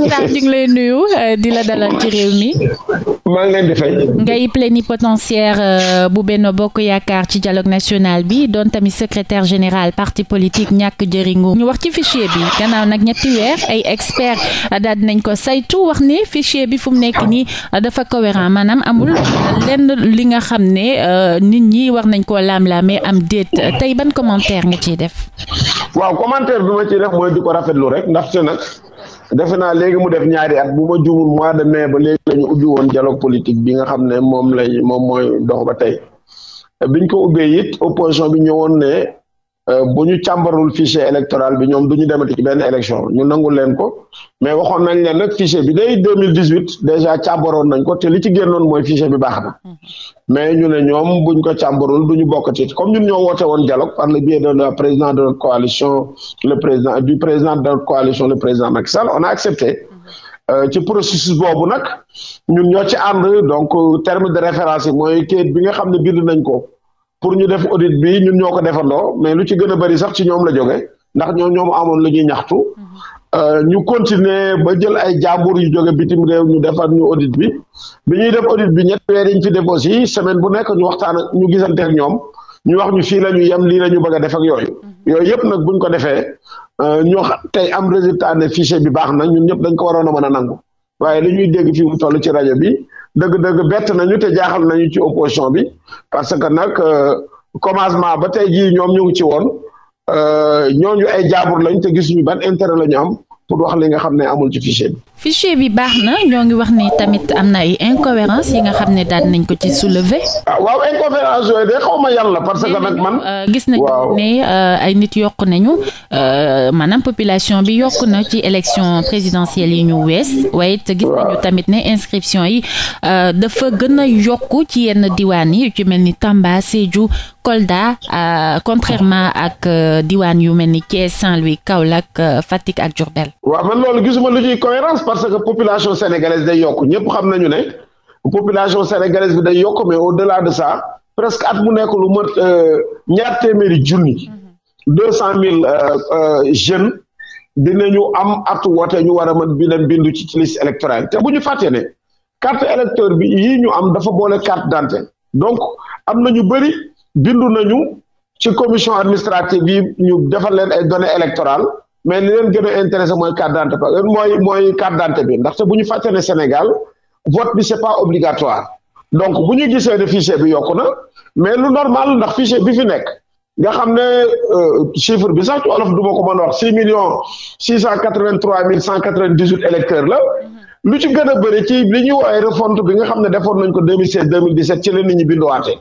Matar ñu ngi lay nuyu euh, di la dalal ci réew mi. maa ngi leen di fay. Euh, bu Benno Bokk Yaakaar ci dialogue national bi doon tamit secrétaire général parti politique ñàkk jëriñu. ñu wax ci fichier bi gannaaw nag ñetti weer ay experts euh, daal nañ ko saytu wax ne fichier bi fu mu nekk nii dafa cohérent maanaam amul li nga xam ne nit ñi war nañ koo laam-laamee am déet tey ban commentaire nga ciy def. waaw commentaire bi ma ciy def mooy di ko rafetlu rek ndaxte nag. defe naa léegi mu def ñaari at bu ma jumul mois de mai ba léegi la ñu ubbi woon dialogue politique bi nga xam ne moom lay moom mooy dox ba tey biñ ko ubbee it opposition bi ñëwoon ne Euh, bu ñu càmbarul fichier électoral bi ñoom du ñu demati ci benn élection ñu nangul leen ko mais waxoon nañ leen nag fichier bi day deux mille dix huit déjà càmbaroon nañ ko te li ci génnoon mooy fichier bi baax na mais ñu ne ñoom buñ ko càmbarul du ñu bokk bokkati comme ñun ñoo woote woon dialogue par le biais de la président de coalition le président du président de coalition le président Macky Sall on a accepté euh, ci processus boobu nag ñun ñoo ci ànd donc terme de référence yi mooy kayit bi nga xam ne bind nañ ko pour ñu def audit bi ñun ñoo ko defandoo mais lu ci gën a bari sax ci ñoom la joge ndax ñoom ñoom amoon lu ñuy ñaxtu euh, ñu continuer ba jël ay jàmbur yu jóge bitim réew ñu defar ñu audit bi bi ñuy def audit bi ñetti weer yi ñu fi def aussi semaine bu nekk ñu waxtaan ak ñu gisante ñoom ñu wax ñu fii la ñu yem lii la ñu bëgg a def ak yooyu yooyu yëpp nag buñ ko defee euh, ñu tey am résultat ne fichier bi baax na ñun ñëpp dañ ko waroon a mën a nangu waaye li ñuy dégg fii mu toll ci rajo bi dëgg-dëgg bett ñu te jaaxal nañu ci opposition bi parce que nag euh, commencement ba tey jii ñoom ñu ngi ci woon euh, ñooñu ay jaabur lañ te gisuñu ban intérêt la ñu am pour wax li nga xam ne amul ci fichier bi. bi baax na ñoo ngi wax ni tamit am na ay incohérence yi nga xam ne daan nañ ko ci soulever. ah waaw incohérence yooyu de xaw ma yàlla parce que nag man. Euh, gis ne euh, ay nit yokk nañu euh, maanaam population bi yokk na ci élection présidentielle yi ñu wees. waaye it gis nañu tamit ne inscription yi dafa gën a yokk ci yenn diwaan yi ci mel ni Tamba Sédhiou Kolda contrairement ak diwaan yu mel ni Thiès Saint-Louis Kaolack Fatick ak Diourbel. waaw man loolu gisuma lu ciy cohérence parce que population sénégalaise day yokk ñëpp xam nañu ne population sénégalaise bi day yokk mais au-delà de ça presque at mu nekk lu mat euh, ñaar téeméeri junni mm-hmm. deux cent mille euh, euh, jeunes ñu am at woote ñu war a mën bi leen bindu ci ci liste électorale te bu ñu fàttee ne carte électeur bi yii ñu am dafa boole carte d'identité donc am na ñu bëri bindu nañu ci commission administrative yi ñu defal leen ay données électorales mais li leen gën a intéressé mooy carte d'identité mooy mooy carte d'identité bi ndaxte bu ñu fàtte ne Sénégal vote bi c'est pas obligatoire donc bu ñu gisee ne fichier bi yokku na mais lu normal ndax fichier bi fi nekk nga xam ne euh, chiffre bi sax ci wolof du ko mën a wax six millions six cent quatre-vingt-trois mille cent quatre-vingt-dix-huit électeurs la mm-hmm. lu ci gën a bëri ci li ñuy woowee refonte bi nga xam ne defoon nañ ko ci leen ñi binduwaatee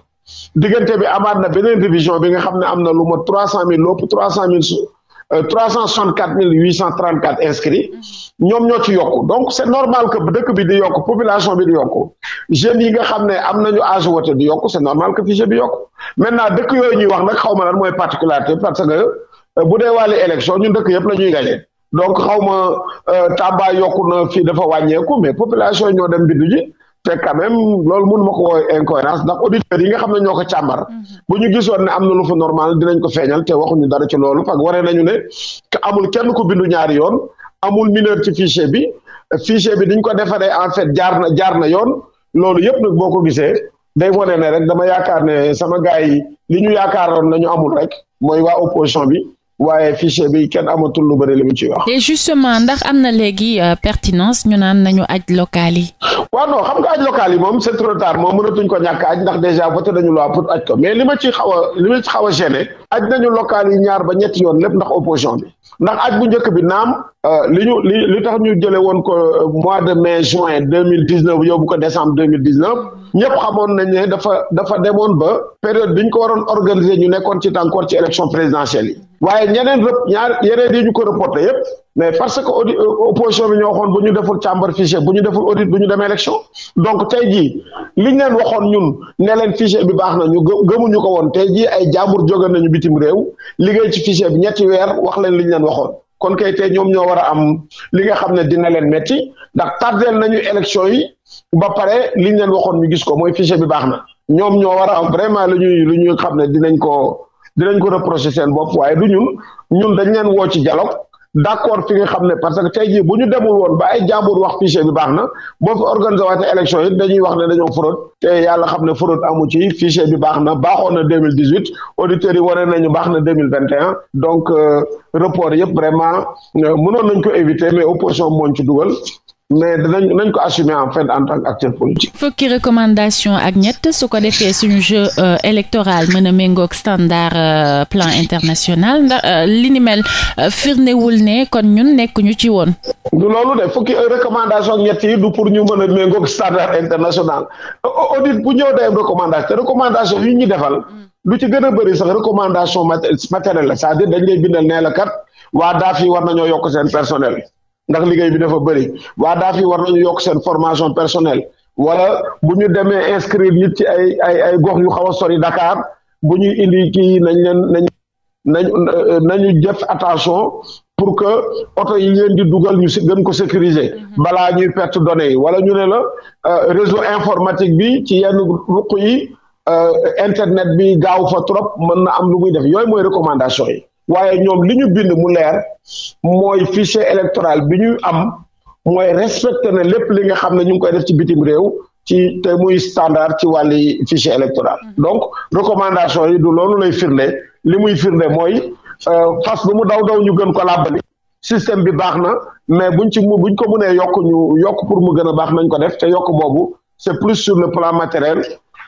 diggante bi amaat na beneen révision bi nga xam ne am na lu ma trois cent mille lopp trois Euh, trois cent soixante quatre mille huit cent trent quatre inscrits ñoom ñoo ci yokku donc c' est normal que dëkk bi di yokk population bi di yokku jeunes yi nga xam ne am nañu âge wote di yokku c' est normal que fichier bi yokku maintenant dëkk yooyu ñuy wax nag xaw ma lan mooy particularité parce que euh, bu dee wàllu élection ñun dëkk yëpp la ñuy gagné donc xaw ma euh, Tamba yokku na fii dafa wàññeeku mais population yi ñoo dem bindu yi te quand même loolu mënu ma ko woowee incohérence ndax auditeurs yi nga xam ne ñoo ko càmbar mhm. bu ñu gisoon ne am na lu fa normal dinañ ko feeñal te waxuñu dara ci loolu parce que waree nañu ne que amul kenn ku bindu ñaari yoon amul mineur ci fichier bi fichier bi diñ ko defaree en fait jaar na jaar na yoon loolu yëpp nag boo ko gisee day wane ne rek dama yaakaar ne sama gars yi li ñu yaakaar yaakaaroon nañu amul rek mooy waa opposition bi waaye fichier bi kenn amatul lu bëri li mu ci wax. et justement ndax am na léegi euh, pertinence ñu naan nañu aj local yi. waaw non xam nga aj local yi moom c'est trop tard moom mënatuñ ko ñàkk aj ndax déjà voté nañu loi pour aj ko mais li ma ci xaw a li ma xaw a gêné. aj nañu local yi ñaar ba ñetti yoon lépp ndax opposition bi ndax aj bu njëkk bi naam euh, li ñu li li tax ñu jëlee woon ko euh, mois de mai juin deux mille dix neuf yóbbu ko décembre deux mille dix xamoon nañ ne dafa dafa demoon ba période bi ñu ko waroon organiser ñu nekkoon ci tànkoor ci élection présidentielle yi. waaye ñeneen rëp ñaar yeneen yi ñu ko reporté yépp mais parce que audi euh, opposition bi ñoo waxoon bu ñu deful càmbar fichier bu ñu deful audit bu ñu dem élection donc tey jii liñ leen waxoon ñun ne leen fichier bi baax na ñu gëmuñu ko woon tey jii ay jàmbur joge nañu bitim réew liggéey ci fichier bi ñetti weer wax leen liñ leen waxoon kon kay tey ñoom ñoo war a am li nga xam ne dina leen metti ndax tardeel nañu élection yi ba pare liñ leen waxoon ñu gis ko mooy fichier bi baax na ñoom ñoo war a am vraiment ñuy lu ñuy xam ne dinañ ko dinañ ko reprocher seen bopp waaye du ñun ñun dañ leen woo ci dialogue d'accord fi nga xam ne parce que tey jii bu ñu demul woon ba ay jàmbur wax fichier bi baax na boo fi organisé waate élection yi dañuy wax ne dañoo fraude te yàlla xam ne fraude amu ci fichier bi baax na baaxoon na deux mille dix huit auditeurs yi waree nañu baax na deux mille vingt an un donc euh, report yëpp vraiment euh, mënoon nañ ko éviter mais opposition mooñ ci dugal mais danañ nañ ko assumer en fait en tant qu'acteur politique. fukki recommandation ak ñett su ko defee suñu jeu euh, électoral mën a méngoog standard euh, plan international ndax euh, li ni mel firndewul ne kon ñun nekkuñu ci woon. du loolu de fukki recommandation ak ñett yi du pour ñu mën a méngoog standard international audit bu ñëw day recommandation recommandation yi ñu defal lu ci gën a bëri sax recommandation matérielle la cest dire dañ lay bindal nee la kat waa daaf yi yokk seen personnel. ndax liggéey bi dafa bëri waa daaf yi war nañu yokk seen formation personnelle wala bu ñu demee inscrire nit ci ay ay ay gox yu xaw a sori Dakar bu ñu indi kii nañ leen nañ nañ nañu def attention pour que oto yi ngeen dugal ñu gën ko sécuriser mhm. balaa ñuy perte données yi wala ñu ne la euh, réseau informatique bi ci yenn ruq yi euh, internet bi gaaw fa trop mën na am lu muy def yooyu mooy recommandation yi waaye ñoom li ñu bind mu leer mooy fichier électoral bi ñu am mooy respecté na lépp li nga xam ne ñu ngi koy def ci bitim réew ci te muy standard ci wàlli fichier électoral mm. donc recommandation yi du loolu lay firnde li muy firnde mooy euh, fas lu mu daw daw ñu gën ko làbbali système bi baax na mais bu buñ ci mu buñ ko mënee yokk ñu yokk pour mu gën a baax nañ ko def te yokk boobu c'est plus sur le plan matériel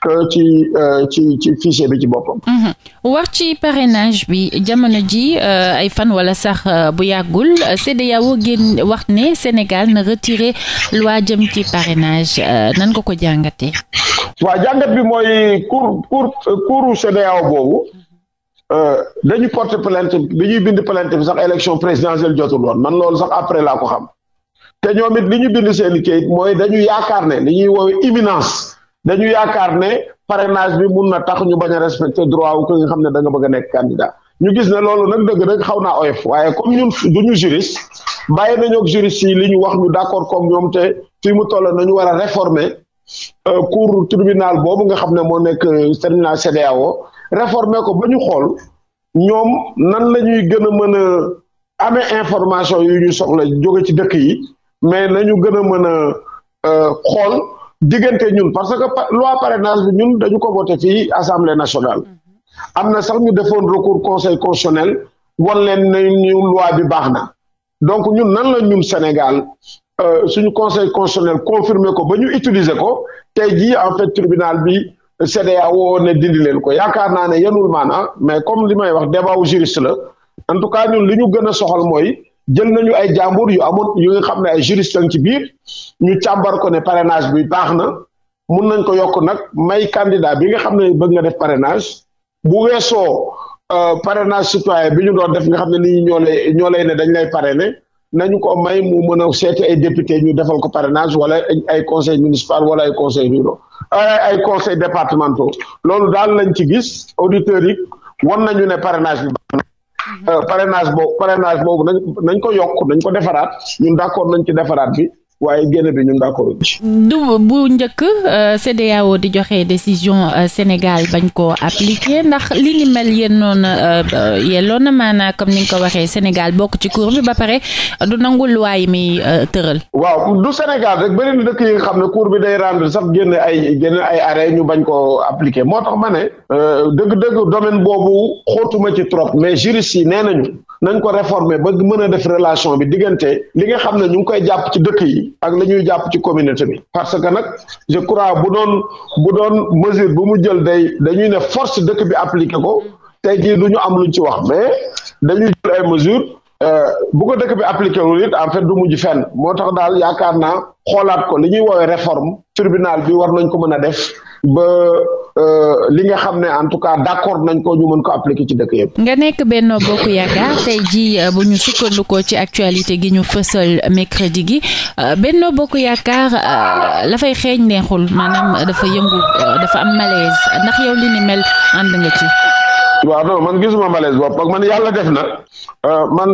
que ci euh, ci ci bi ci boppam. Mhm. wax ci parrainage bi jamono ji euh, ay fan wala sax euh, bu yàggul CEDEAO génn wax ne Sénégal na retiré loi jëm ci parrainage nan nga ko jàngatee. waaw jàngat bi mooy cour cour couru CEDEAO boobu dañu porter plainte bi ñuy bind plainte bi sax élection présidentielle jotul woon man lool sax après laa ko xam te ñoom it li ñu bind seen kayit mooy dañu yaakaar ne li ñuy woowee imminence. dañu yaakaar ne parrainage bi mun na tax ñu bañ a respecter droit wu ko nga xam ne da nga bëgg a nekk candidat ñu gis ne loolu nag dëgg nag xaw naa oyof waaye comme ñun duñu juriste bàyyi nañu ak yi li ñu wax ñu d'accord comme ñoom te fii mu toll nañu war a réformer euh, cour tribunal boobu nga xam ne moo nekk euh, tribunal CEDEAO réformer ko ba ñu xool ñoom nan la ñuy gën a mën a amee information yu ñu soxla jóge ci dëkk yi mais nañu gën a mën a euh, xool diggante ñun parce que loi parrainage bi ñun dañu ko voté fii assemblée nationale mm-hmm. am na sax ñu defoon recours conseil constitutionnel wan leen ne ñu loi bi baax na donc ñun nan la ñun Sénégal euh, suñu conseil constitutionnel confirmé ko ba ñu utiliser ko tey jii en fait tribunal bi CEDEAO ne dindi leen ko yaakaar naa ne yenul maana mais comme li may wax débat juriste la en tout cas ñun li ñu gën a soxal mooy jël nañu ay jàmbur yu amoon yu nga xam ne ay juriste ci biir ñu càmbar ko ne parenage bi baax na mun nañ ko yokk nag may candidat bi nga xam ne bëgg nga def parrainage bu weesoo euh, parrainage citoyen bi ñu doon def nga xam ne nit ñi ñoo lay ñoo lay ne dañ lay parrainer nañ ko may mu mën a seeti ay député ñu defal ko parrainage wala ay conseil municipal wala ay conseil ruraux ay conseil départementaux loolu daal lañ ci gis auditeurs yi wan nañu ne parenage bi baax Euh, parrainage boobu parrainage boobu nañ nañ ko yokk nañ ko defaraat ñun d'accord nañ ci defaraat bi waaye génn bi ñun d'accord ci du bu njëkk euh, CEDEAO di joxee décision euh, Sénégal bañ ko appliquer ndax li ni mel yéen noonu euh, yelloon na maanaa comme ni nga ko waxee Sénégal bokk ci cour bi ba pare du nangu lu yi mi tëral. waaw du Sénégal rek bëri na dëkk yi nga xam ne cour bi day rendre sax génn ay génn ay arrêt ñu bañ ko appliquer moo tax ma ne dëgg-dëgg domaine boobu xóotuma ci trop mais juristes yi nee nañu nañ ko réformer ba mën a def relation bi diggante li nga xam ne ñu ngi koy jàpp ci dëkk yi. bi ak la ñuy jàpp ci communauté bi parce que nag je crois bu doon bu doon mesure bu mu jël day dañuy ne force dëkk bi appliqué ko tey jii du ñu am luñ ci wax mais dañuy jël ay mesures bu ko dëkk bi appliqué wul it en fait du mujj fenn moo tax daal yaakaar na xoolaat ko li ñuy woowee réforme tribunal bi war nañ ko mën a def ba euh, li nga xam ne en tout cas d'accord nañ ko ñu mën ko appliquer ci dëkk yëpp. nga nekk Benno Bokk Yaakaar tey jii euh, bu ñu sukkandikoo ci actualité gi ñu fësal mercredi gi euh, Benno Bokk Yaakaar la fay xeeñ neexul maanaam dafa yëngu dafa am malaise ndax yow li ni mel ànd nga ci. waaw non man gisuma malaise bopp ak man yàlla def na euh, man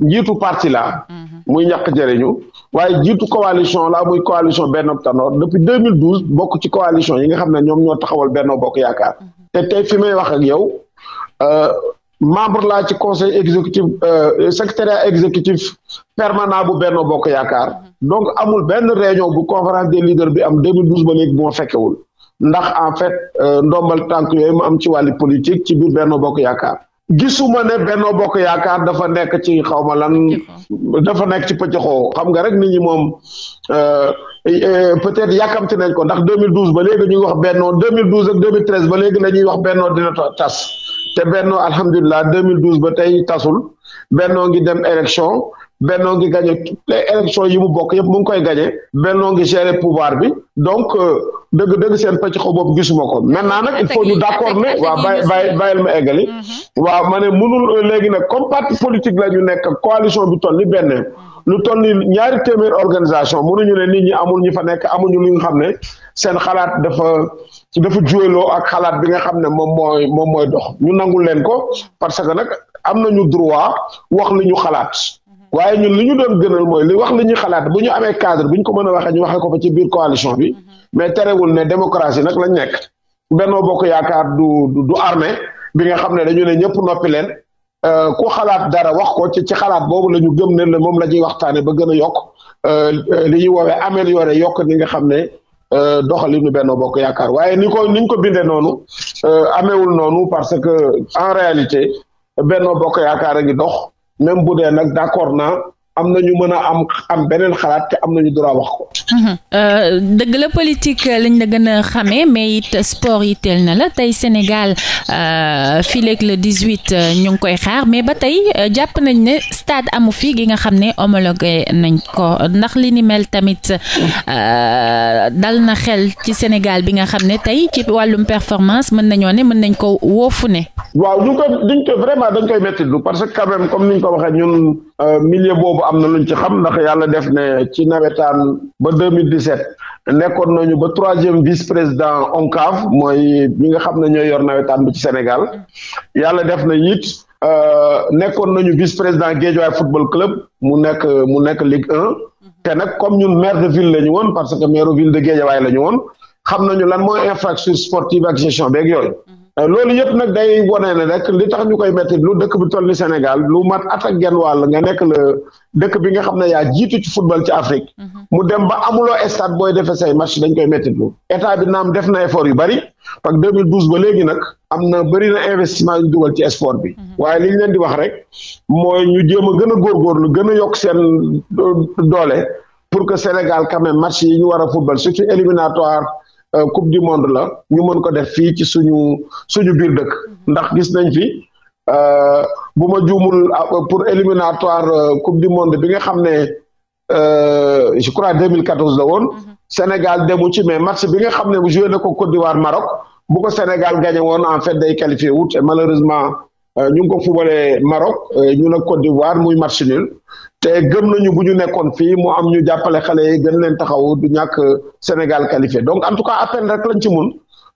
njiitu parti la mhm. muy ñàkk jëriñu waaye njiitu coalition la muy coalition Benno Tanor depuis 2012 bokk ci coalition yi nga xam ne ñoom ñoo taxawal benn Bokk Yaakaar mhm. te tey fi may wax ak yow euh, membre laa ci conseil exécutif euh, secrétariat exécutif permanent bu benn Bokk Yaakaar mhm. donc amul benn réunion bu conférence des leaders bi am 2012 ba léegi bu ma fekkewul ndax en fait euh, ndombal tànk yooyu mu am ci wàllu politique ci biir Benno Bokk Yaakaar gisuma ne Benno Bokk Yaakaar dafa nekk ci xaw ma lan dafa nekk ci pëccëxoo xam nga rek nit ñi moom euh, peut-être yàkkamti nañ ko ndax 2012 ba léegi ñu ngi wax Benno 2012 ak 2013 ba léegi la ñuy wax Benno dina tas te Benno alhamdulilah 2012 ba tey tasul Benno ngi dem élection bennoo ngi gagné toutes les élections yi mu bokk yëpp mu ngi koy gagné bennoo ngi gérer pouvoir bi donc euh, dëgg dëgg seen pàcc xaw boobu gisuma ko maintenant nag il faut ñu d' accord ne waaw bay bay bàyyil ma eggali mm-hmm. waaw ma ne euh, léegi nag comme parti politique la ñu nekk coalition bi toll ni benn lu toll ni ñaari téeméer organisation mënuñu ne nit ñi amul ñu fa nekk amuñu lu nga xam ne seen xalaat dafa dafa juweloo ak xalaat bi nga xam ne moom mooy moom mooy dox ñu nangul leen ko parce que nag am nañu droit wax li ñu xalaat waaye ñun li ñu doon gënal mooy li wax li ñuy xalaat bu ñu amee cadre bu ñu ko mën a waxee ñu waxee ko fa ci biir coalition bi mm-hmm. mais terewul ne démocratie nag lañu nekk Benno Bokk Yaakaar du du armee bi nga xam ne dañu ne ñëpp noppi leen euh, ku xalaat dara wax ko ci ci xalaat boobu la ñu gëm ne moom la ñuy waxtaane ba gën a yokk euh, li ñuy woowee améliorer yokk li nga xam ne euh, doxalinu Benno Bokk Yaakaar waaye ni ko ni ñu ko bindee noonu amewul noonu parce que en réalité Benno Bokk Yaakaar a ngi dox même bu dee nag d'accord na am na ñu mën a am am beneen xalaat te am nañu droit wax ko. Mhm. Euh, dëgg la politique euh, lañ la gën a xamee mais it sport yi teel na la tey Sénégal euh, fileeg le 18 ñu ngi koy xaar mais ba tey jàpp nañ ne stade amu fi gi nga xam ne homologué nañ ko ndax li ni mel tamit dal na xel ci Sénégal bi nga xam ne tey ci wàllum performance mën nañoo ne mën nañ ko woofu ne. waaw ñu ko duñ ko vraiment dañ koy métti parce que quand même comme ko waxee ñun milieu boobu. am na lu ñu ci xam ndax yàlla def ne ci nawetaan ba 2017 nekkoon ñu ba troisième vice président ONCAV mooy ñi nga xam ne ñooy yor nawetaan bi ci Sénégal yàlla def na it euh, nekkoon na ñu vice président Guédiawaye football club mu nekk mu nekk Ligue 1 te nag comme ñun maire de ville la woon parce que maire ville de Guédiawaye la ñu woon xam na ñu lan mooy infrastructure sportive ak gestion beeg yooyu. Euh, loolu yëpp nag day wone ne rek li tax ñu koy métti lu dëkk bi toll ni Sénégal lu mat at ak genn wàll nga nekk la dëkk bi nga xam ne yaa jiitu ci football ci Afrique mhm. mu dem ba amuloo stade booy defee say match dañ koy métti lu état bi naam def na effort yu bari parce que 2012 ba léegi nag am na bëri na investiment yu dugal ci sport bi mhm. waaye li leen di wax rek mooy ñu jéem a gën a góor góor lu gën a yokk seen euh, doole pour que Sénégal quand même match yi ñu war a football surtout éliminatoire Euh, coupe du monde la ñu mën ko def fii ci suñu suñu biir dëkk ndax gis nañ fi euh, bu ma juumul euh, pour éliminatoire coupe du monde bi nga xam ne je crois 2014 la woon mhm. Sénégal demu ci mais match bi nga xam ne joué na ko Côte d'Ivoire Maroc bu ko Sénégal gagné woon en fait day qualifié wut et malheureusement Euh, ñu ngi ko fubalee Maroc euh, ñu nag Côte d'Ivoire muy match nul te gëm nañu bu ñu nekkoon fii mu am ñu jàppale xale yi gën leen taxaw du ñàkk Sénégal qualifié donc en tout cas appel rek lañ ci mun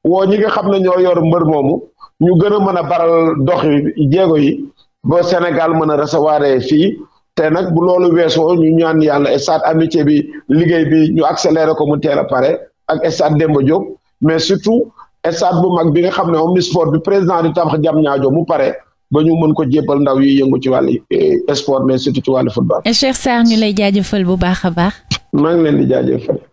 woo ñi nga xam ne ñoo yor mbër moomu ñu gën a mën a baral dox yi jéego yi ba Sénégal mën a recevoir fii te nag bu loolu weesoo ñu ñaan yàlla stade amitié bi liggéey bi ñu accéléré ko mu teel a pare ak stade Demba Diop mais surtout. stade bu mag bi nga xam ne om sport bi président di tabax jam ñaajo mu pare ba ñu mën ko jébbal ndaw yi yëngu ci wàllu eh, sport mais surtout ci wàllu football. Cheikh Sarr ñu lay jaajëfal bu baax a baax. maa ngi leen di jaajëfal.